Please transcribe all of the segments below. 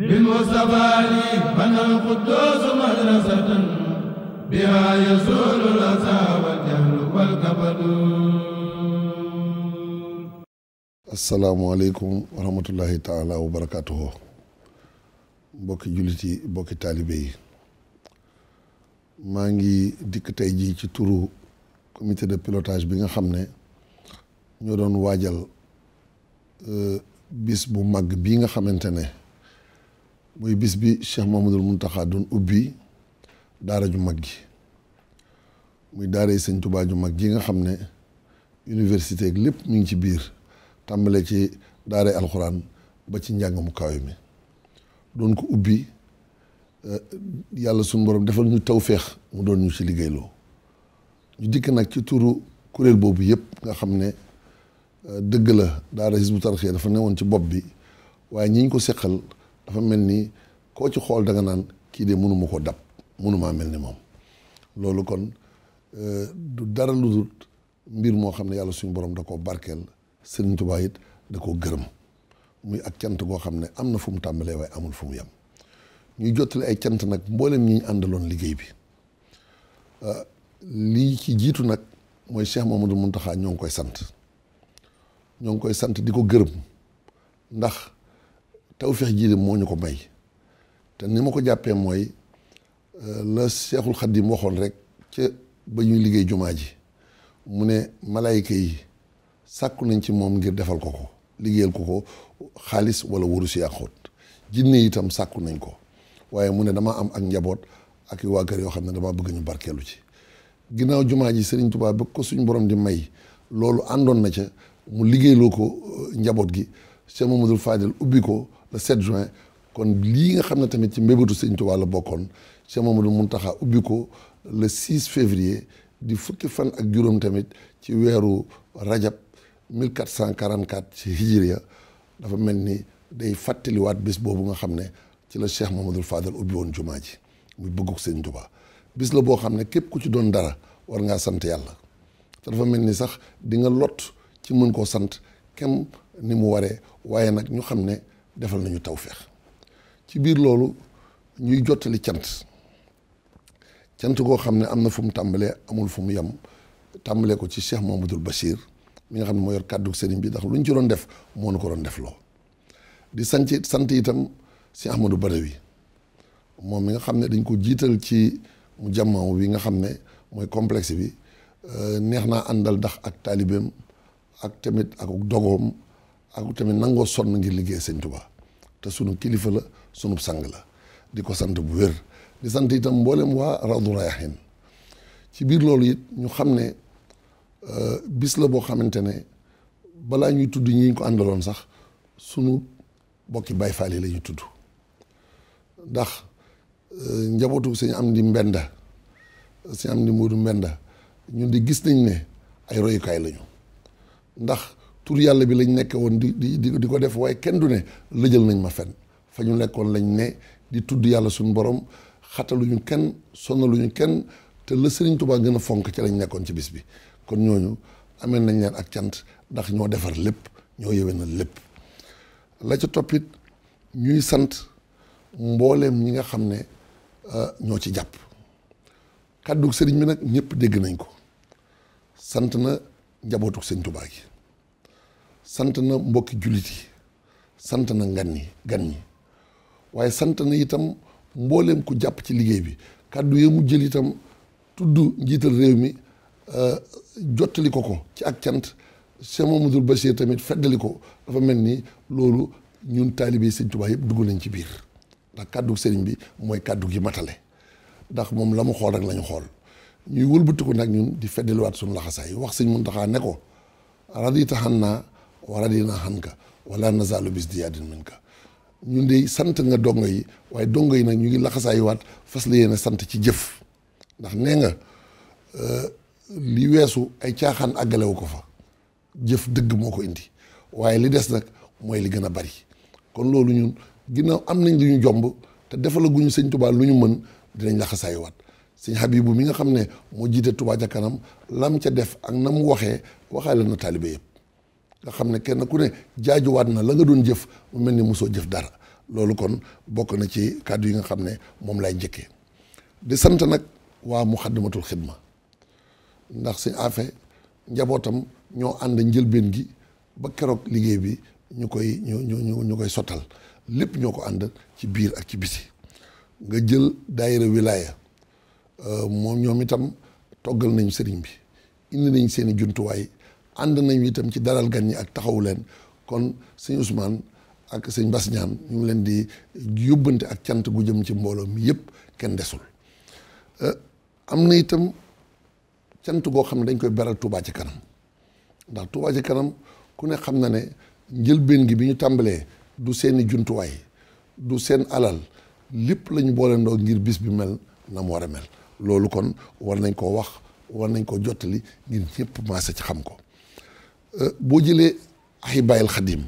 للمصطفى لي بنى القدوس مدرسة بها يزول الأذى والجهل والكبد asalaamualeykum wa rahmatullahi taala wa barakaatuhu mbokki jullit yi mbokki taalibe yi maa ngi dikk tey jii ci turu comité de pilotage bi nga xam ne ñoo doon waajal bis bu mag bi nga xamante ne muy bis bi Cheikh Mouhamadoul Mountakha doon ubbi daara ju mag gi muy daara yi sëñ Tuubaa ju mag ji nga xam ne université ak lépp ñu ngi ci biir tàmbale ci daara alxuraan ba ci njàng mu mi doon ko ubbi eh, yàlla suñu boroom defal ñu tawféex mu doon ñu ci liggéeyloo ñu dikk nag ci turu kuréel boobu yëpp nga xam ne eh, dëgg la daara Hizbut Tarqiyyah dafa newoon ci bopp bi waaye ñi ñu ko seqal dafa mel ni koo ci xool danga naan kii de mënuma koo dab mënumaa mel ni moom loolu kon euh, du dara lu dul mbir moo xam ne yàlla suñu borom da koo barkeel Sëriñ Tuubaa it da koo gërëm muy ak cant goo xam ne am na fu mu tàmbalee waaye amul fu mu yem ñuy jottali ay cant nag mboolem ñi ñu àndaloon liggéey bi euh, lii ci jiitu nag mooy Cheikh Mamadou Mountakha ñoo ngi koy sant ñoo ngi koy sant di ko gërëm ndax tawfeex jii de moo ñu ko may te ni ma ko jàppee mooy euh, la Seexul Xaddim waxoon rek ca ba ñuy liggéey jumaa ji mu ne malayka yi sàkku nañ ci moom ngir defal ko ko liggéeyal ko ko xaalis wala wurus yi ak xóot jinne itam sàkku nañ ko waaye mu ne damaa am ak njaboot ak waa kër yoo xam ne damaa bëgg ñu barkeelu ci ginnaaw jumaa ji Sëriñ tubaab ba ko suñ borom di may loolu àndoon na ca mu liggéeyloo ko euh, njaboot gi Cheikh Mamadou Fadel ubbi ko le 7 juin kon lii nga xam ne tamit ci mbébétu Sëñ Tuubaa la bokkoon Cheikh Mamadou Muntaxa ubbi ko le 6 février di fukki fan ak juróom tamit ci weeru rajab 1444 ci hijriya dafa mel ni day fàttaliwaat bis boobu nga xam ne ci la Cheikh Mamadou Fadal ubbi woon jumaa ji muy bëggug Sëñ Tuubaa bis la boo xam ne képp ku ci doon dara war ngaa sant yàlla te dafa mel ni sax dinga lot ci mën koo sant kem ni mu waree waaye nag ñu xam ne defal nañu tawféex ci biir loolu ñuy jottali cant cant goo xam ne am na fu mu tàmbalee amul fu mu yem tàmbalee ko ci Cheikh Mamadou Bachir mi nga xam ne moo kàddu sëriñ bi ndax lu ñu ci doon def moo nu ko doon def loo di sant sant itam si Ahmadou Badawi moom mi nga xam ne dañ ko jiital ci mu jàmmaw bi nga xam ne mooy complexe bi euh, neex naa àndal ndax ak taalibeem ak tamit ak dogoom ak tamit nangoo sonn ngir liggéey sëñ Tuubaa te sunu kilifa la sunu sang la di ko sant bu wér di sant itam mboolem waa Rawdu Rayaahiin ci biir loolu it ñu xam ne euh, bis la boo xamante ne balaa ñuy tudd ñi ñu ko àndaloon sax sunu bokki bay Faal yi la ñuy tudd ndax euh, njabootu sëñ am di mbenda sëñ am di Moodu mbenda ñun di gis nañ ne ay royukaay lañu ndax tur yàlla bi lañ nekkee woon di di di ko def waaye kenn du ne lëjël nañ ma fen fa ñu nekkoon lañ ne di tudd yàlla suñu borom xataluñu kenn sonnaluñu kenn te la Sëriñ Tuubaa gën fonk ci lañ nekkoon ci bis bi kon ñooñu amee nañ leen ak cant ndax ñoo defar lépp ñoo yëwénal lépp la ca toppit ñuy sant mbooleem ñi nga xam ne euh, ñoo ci jàpp kàddug sëriñ bi nag ñëpp dégg nañ ko sant na njabootug sëñ Tuubaa gi sant na mbokki jullit yi sant na ngan ñi gan ñi waaye sant na itam mboolem ku jàpp ci liggéey bi kàddu yi mu jël itam tudd njiital réew mi euh, jottali ko ko ci ak cant Cheikh Mamadou Bachir tamit feddali ko dafa mel ni loolu ñun taalibe sëñ Tuubaa yëpp dugg nañ ci biir ndax kàddu sëriñ bi mooy kàddu gi matale ndax moom la mu xool rek lañu xool ñuy wëlbatiku nag ñun di feddaliwaat suñu laxasaay wax sëñ Muntaxa ne ko radita xan wa radina hanka wala nazalu bis diyadin ka ñun de sant nga dongo yi waaye dongo yi nag ñu ngi laxasaayuwaat fas la yéene sant ci jëf ndax nee nga euh, li weesu ay caaxaan àggalewu ko fa dëgg moo ko indi waaye li des nag mooy li gën a bari kon loolu ñun ginnaaw am nañ lu ñu jomb te defalaguñu sëñ Tuubaa lu ñu mën dinañ laxasaayu laxasaayuwaat sëñ Habibu mi nga xam ne moo jiite Tuubaa ca kanam lam ca def ak na mu waxee waxaale na taalibe yëpp. nga xam ne kenn ku ne jaajuwaat na la nga doon jëf mu mel ni musoo jëf dara loolu kon bokk na ci kàddu yi nga xam ne moom lay njëkkee di sant nag waa Muxaddamatul Xidma ndax si affaire njabootam ñoo ànd njëlbeen gi ba keroog liggéey bi ñu koy ñu ñu ñu koy sottal lépp ñoo ko ànd ci biir ak ci bisi nga jël daayira wilaaya euh, moom ñoom itam toggal nañu sëriñ bi indi nañ seen i jumtuwaay ànd nañu itam ci dalal gan ñi ak taxawu leen kon sëñ Ousmane ak sëñ Bass Ñaan ñu leen di yóbbante ak cant gu jëm ci mbooloo mi yëpp kenn desul euh, am na itam cant goo xam ne dañ koy beral Touba ci kanam ndax Touba ci kanam ku ne xam na ne njëlbeen gi bi ñu tàmbalee du seeni juntuwaay du seen alal lépp lañu booleendoo ngir bis bi mel na mu war a mel loolu kon war nañ koo wax war nañ koo jottali ngir ñëpp maase ci xam ko Euh, boo jëlee ay bàyyil xadim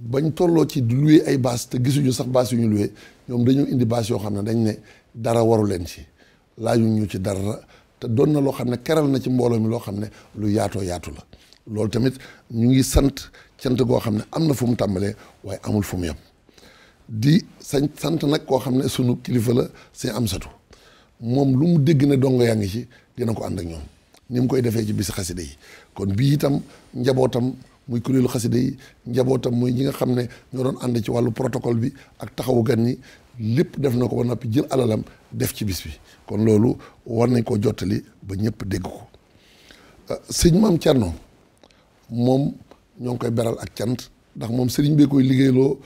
bañ tolloo ci di loué ay baas te gisuñu sax baas yu ñu loué ñoom dañu indi baas yoo xam ne dañ ne dara waru leen ci laaju ñu ci dara te doon na loo xam ne keral na ci mbooloo mi loo xam ne lu yaatoo yaatu la loolu tamit ñu ngi sant sant goo xam ne am na fu mu tàmbalee waaye amul fu mu yem di sañ sant nag koo xam ne sunu kilifa la see am satu moom lu mu dégg ne dongo yaa ngi ci dina ko ànd ak ñoom ni mu koy defee ci bisi xasida yi kon bii itam njabootam muy kuréelu xasida yi njabootam muy ñi nga xam ne ñoo doon ànd ci wàllu protocole bi ak taxawu gan ñi lépp def na ko ba noppi jël alalam def ci bis bi kon loolu war nañ koo jottali ba ñëpp dégg ko euh, sëñ maam Thierno moom ñoo ngi koy beral ak cant ndax moom sëriñ bee koy liggéeyloo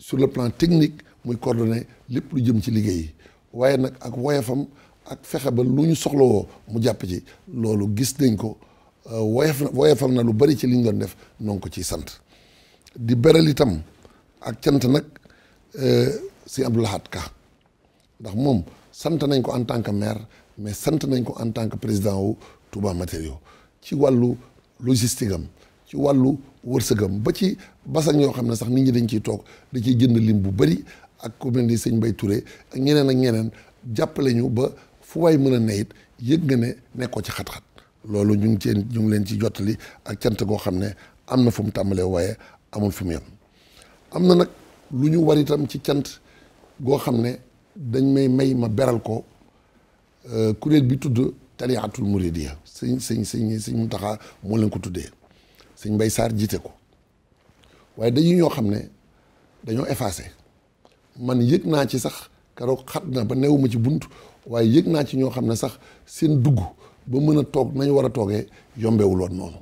sur le plan technique muy coordonné lépp lu jëm ci liggéey yi waaye nag ak woyafam ak fexe ba lu ñu soxlawoo mu jàpp ci loolu gis nañ ko euh, woyef woyefal na lu bari ci li ñu doon def noo ko ciy sant di beral itam ak cant nag euh, si Abdou Lahad Ka ndax moom sant nañ ko en tant que maire mais sant nañ ko en tant que président wu Touba Matériaux ci wàllu logistique am ci wàllu wërsëgam ba ci basan yoo xam ne sax nit ñi dañ ciy toog da ciy jënd lim bu bari ak ku mel ni sëñ Mbaye Touré ak ñeneen ak ñeneen jàppale ñu ba fu waay mën a ne it yëg nga ne nekkoo ci xat-xat loolu ñu ngi cee ñu leen ci jottali ak cant goo xam ne am na fu mu tàmbalee waaye amul fu mu yem am na nag lu ñu war itam ci cant goo xam ne dañ may may ma beral ko euh, kuréel bi tudd tariatul muridiya sëñ sëñ sëñ sëñ Muntaxa moo leen ko tuddee sëñ Mbay Saar jiite ko waaye dañu ñoo xam ne dañoo effacé man yëg naa ci sax keroog xat na ba newuma ci bunt waaye yëg naa ci ñoo xam ne sax seen dugg ba mën a toog nañu war a toogee yombewul woon noonu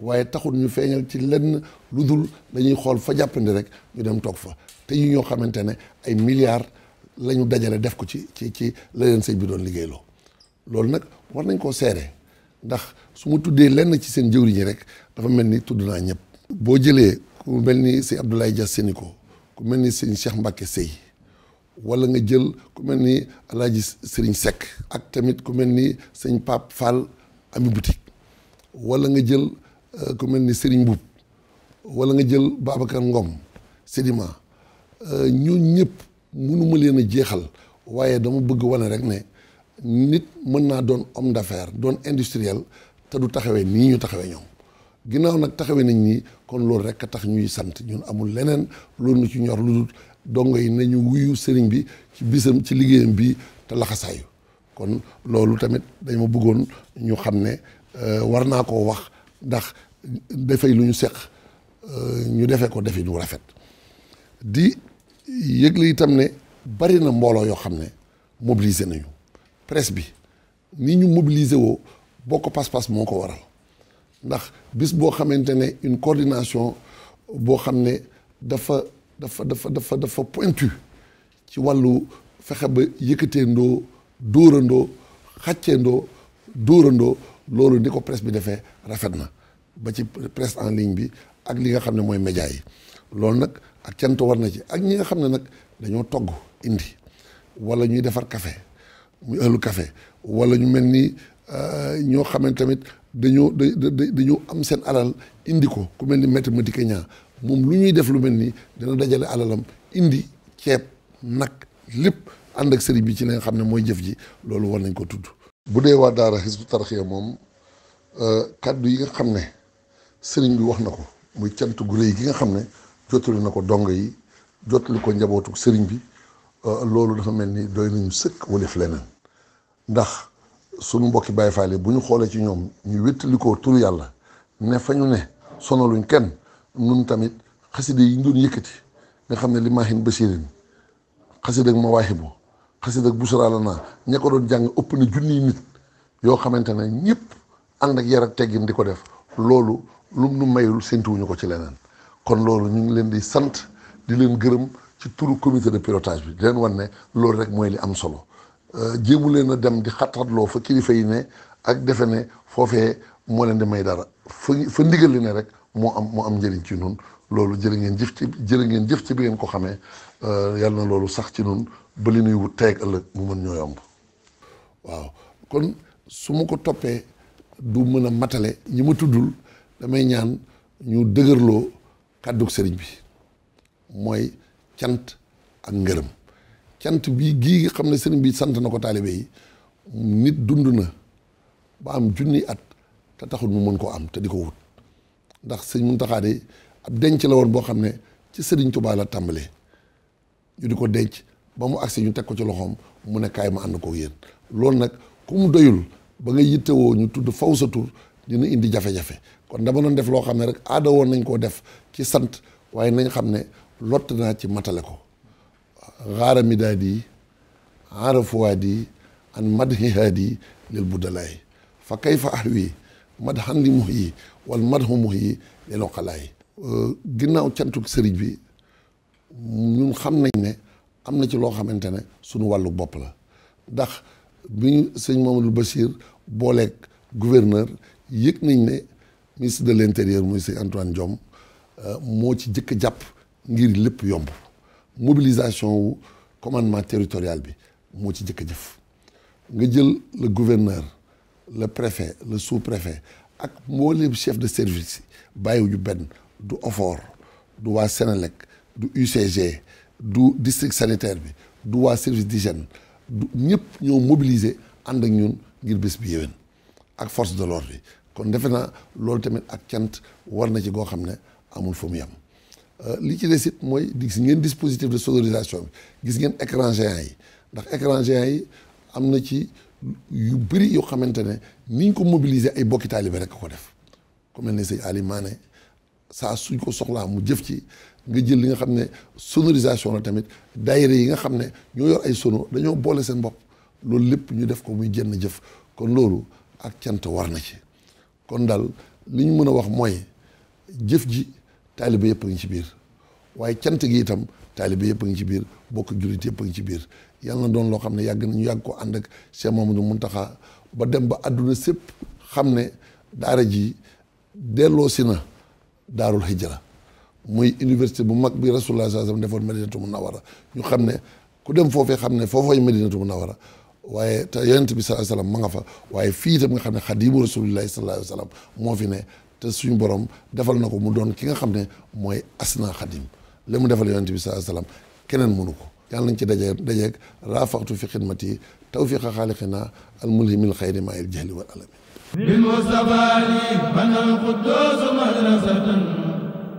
waaye taxul ñu feeñal ci lenn lu dul dañuy xool fa jàppandi rek ñu dem toog fa te yi ñoo xamante ne ay milliards la ñu dajale def ko ci ci ci la leen sëñ bi doon liggéeyloo loolu nag war nañ koo seere ndax su ma tuddee lenn ci seen jëwriñ yi rek dafa mel ni tudd naa ñëpp. boo jëlee ku mel ni sëñ Abdoulaye Dia Séniko ku mel ni sëñ Cheikh Mbacke Seye wala nga jël ku mel ni alaaji sëriñ Seck ak tamit ku mel ni sëñ Pape Fall ami boutique wala nga jël euh, ku mel ni sëriñ Mbuub wala nga jël Babacar Ngom Sédima euh, ñooñu ñëpp mënuma leen a jeexal waaye dama bëgg wane rek ne nit mën naa doon homme d'affaires doon industriel te du taxawee nii ñu taxawee ñoom ginnaaw nag taxawee nañ nii kon loolu rek a tax ñuy sant ñun amul leneen loolu nu ci ñor lu donc yi nañu wuyu sëriñ bi ci bisam ci liggéeyam bi te laxasaayu kon loolu tamit dañ ma bëggoon ñu xam ne euh, war naa ko wax ndax dafay lu ñu seq euh, ñu defee ko defi du rafet di yëgle itam ne bari na mbooloo yoo xam ne mobiliser nañu presse bi ni ñu mobiliser woo bokk pas-pas moo ko waral ndax bis boo xamante ne une coordination boo xam ne dafa dafa dafa dafa dafa pointu ci wàllu fexe ba yëkkateendoo dóorandoo xàcceendoo dóorandoo loolu ni ko presse bi defee rafet na ba ci presse en ligne bi ak li nga xam ne mooy média yi loolu nag ak cant war na ci ak ñi nga xam ne nag dañoo togg indi wala ñuy defar kafe muy ëllu kafe wala ñu mel ni euh, ñoo xamante tamit dañoo dañoo am seen alal indi ko ku mel ni maître Madické Niang moom lu ñuy def lu mel nii dana dajale alalam indi ceeb nag lépp ànd ak sëriñ bi ci li xam ne mooy jëf ji loolu war nañ ko tudd. bu dee waa Daara Hizbut Tarqiyyah moom euh, kàddu yi nga xam ne sëriñ bi wax na ko muy cant gu rëy gi nga xam ne jottali na ko dong yi jottali ko njabootu sëriñ bi euh, loolu dafa mel ni doy nañu sëkk wëlef leneen ndax sunu mbokki Baay Faal bu ñu xoolee ci ñoom ñu wéttalikoo turu yàlla ne fa ñu ne sonaluñ kenn. nun tamit xasida yi ñu doon yëkkati nga xam ne li maahin basirin xasida ak mawaahibu xasida ak busraala naa ña ko doon jàng ëpp na junniy nit yoo xamante ne ñëpp ànd ak yar ak teggin di ko def loolu lum nu mayul séntuwuñu ko ci leneen kon loolu ñu ngi leen di sant di leen gërëm ci tour comité de pilotage bi leen wan ne loolu rek mooy li am solo euh, jéemu leen a dem di xat-xatloo fa kilifa yi ne ak defe ne foofee moo leen di may dara fa fa ndigal rek moo am moo am njëriñ ci nun loolu jërë ngeen jëf ci jërë ngeen jëf ci bi ngeen ko xamee euh, yal na loolu sax ci nun ba li nuy wut teeg ëllëg mu mën ñoo yomb waaw kon su ma ko toppee du mën a matale ñi ma tuddul damay ñaan ñu dëgërloo kàddug sëriñ bi mooy cant ak ngërëm cant bi gii xam ne sëriñ bi sant na ko taalibe yi nit dund na ba am junni at te taxul mu mën koo am te di ko wut ndax sëñ Muntaxa de ab denc la woon boo xam ne ci sëriñ Tuubaa la tàmbalee ñu di ko denc ba mu agsi ñu teg ko ci loxoom mu ne kaay ma ànd ko yéen loolu nag ku mu doyul ba nga yittewoo ñu tudd faw sa tur dina indi jafe-jafe kon dama doon def loo xam ne rek aada woon nañ koo def ci sant waaye nañ xam ne lott naa ci matale ko xaara midaadi yi xaara fuwaadi yi an madhihaadi yi lil buddalaay fa kay fa ahwi madhan li muhyi wal madhu yi lil uqalaa'i euh, ginnaaw cantu sëriñ bi ñun xam nañ ne am na ci loo xamante ne suñu wàllu bopp la ndax bi ñu sëñ Mamadou Bachir booleeg gouverneur yëg nañ ne ministre de l'intérieur muy sëñ Antoine Diome euh, moo ci jëkk jàpp ngir lépp yomb mobilisation wu commandement territorial bi moo ci jëkk jëf nga jël le gouverneur le préfet le sous-préfet ak mboolem chef de service bàyyiwuñu benn du OFOR du waa Sénélec du UCG du district sanitaire bi du waa service d'hygiène du ñëpp ñoo mobiliser ànd ak ñun ngir bés bi yéwén ak force de l'ordre bi kon defe naa loolu tamit ak cant war na ci goo xam ne amul fu mu yem euh, li ci des it mooy gis ngeen dispositif de sonorisation bi gis ngeen écran géant yi ndax écran yi am na ci. yu bëri yoo xamante ne niñ ko mobiliser ay bokki taalibe rek ko def ku mel ni sëñ Ali Mané saa suñ ko soxlaa mu jëf ci nga jël li nga xam ne sonorisation la tamit daayira yi nga xam ne ñoo yor ay sono dañoo boole seen bopp loolu lépp ñu def ko muy jënn jëf kon loolu ak cant war na ci kon dal li mën a wax mooy jëf ji taalibe yëpp ngi ci biir waaye cant gi itam taalibe yëpp a ngi ci biir bokk jullit yëpp a ngi ci biir yàlla na doon loo xam ne yàgg nañu yàgg ko ànd ak Cheikh Mamadou Muntaxa ba dem ba àdduna sépp xam ne daara ji delloosi na daarul hijra muy université bu mag bi rasulullah sallallahu alayhi wasallam defoon Madinatu Munawara ñu xam ne ku dem foofee xam ne foofay Madinatu Munawara waaye te yonent bi sallallahu alayhi wasallam nga fa waaye fii itam nga xam ne xadimu rasulillahi sallallahu alayhi wasallam moo fi ne te suñu borom defal na ko mu doon ki nga xam ne mooy asna li mu defal yonent bi sallallahu alayhi wasallam keneen mënu ko yàlla nañ ci daje dajeeg raafaxtu fi xidmati yi tawfiqa xaalixina almulhimil xayri maa il jahli wal alami bilmustafani banal quddus madrasatan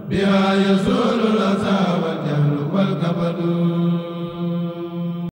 biha yasul al asa wal jahlu wal kabadu